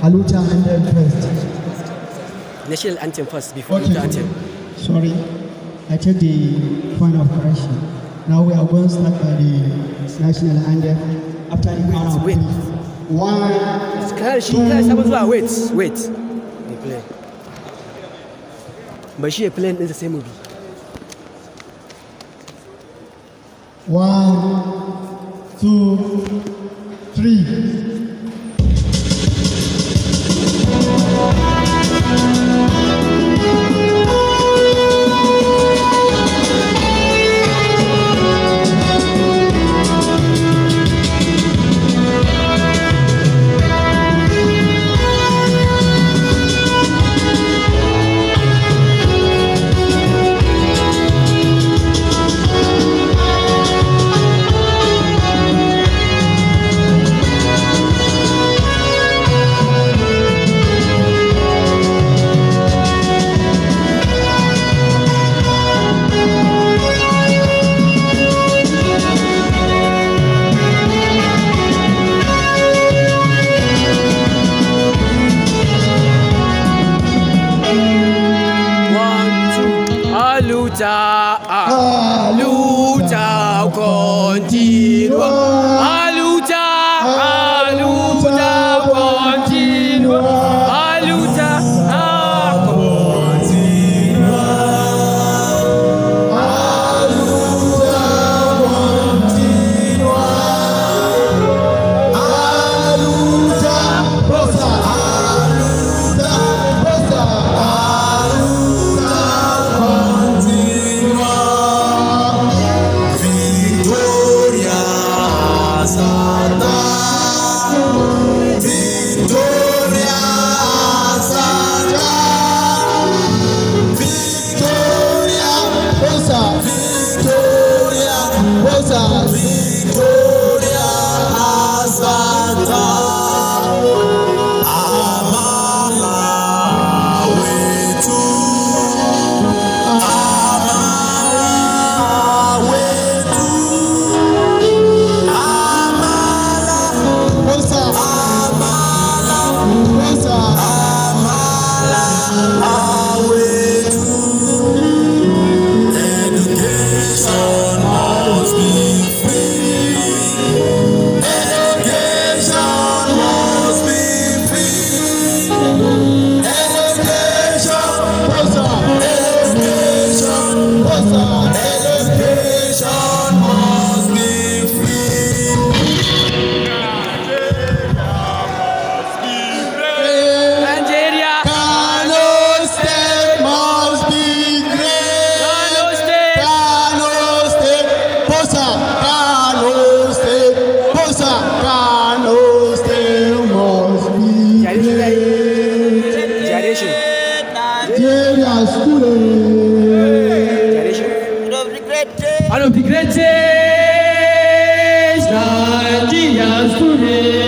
Halucha Anthem first. National Anthem first before okay. Anthem. Sorry, I take the point of correction. Now we are going to start by the National Anthem after the count wait, wait. One, Wait. Kashi, wait, wait. They play. But she playing in the same movie. One, two, three. die. Campi Grandes, Jardim Asturias.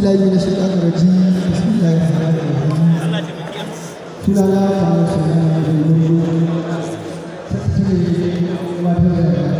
billahi min shaitan rajim bismillahir rahmanir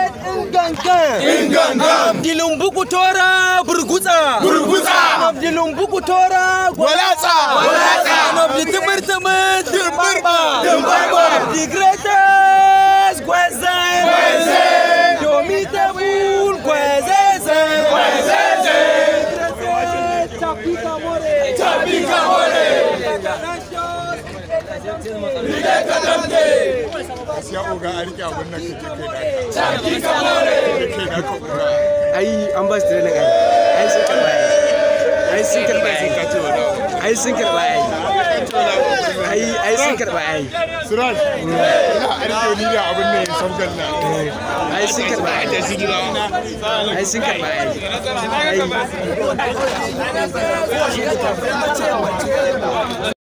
Ingangan. Ingangan. Dilumbu Kutora Burguza. Burguza. Of Dilumbu Kutora Gwalatsa. Gwalatsa. And of the Timbertaman Timberba. Timberba. The greatest Gwazen. Gwazen. Domitable Gwazen. Gwazen. Chapika More. Chapika More. International. gaskiya oga a rike nan kake kai da kai da ai an ba su ai sun karba ai sun karba ai ka ce ai sun karba ai ai ai sun karba ai ina ni da abun ne sabgan na ai sun karba ai da sigila ai sun karba ai ai